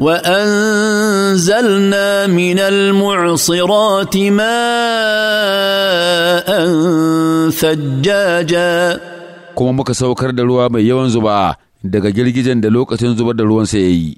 وانزلنا من المعصرات ماء ثجاجا kuma muka saukar da ruwa mai yawan zuba daga girgijen da lokacin zubar da ruwan sa yayi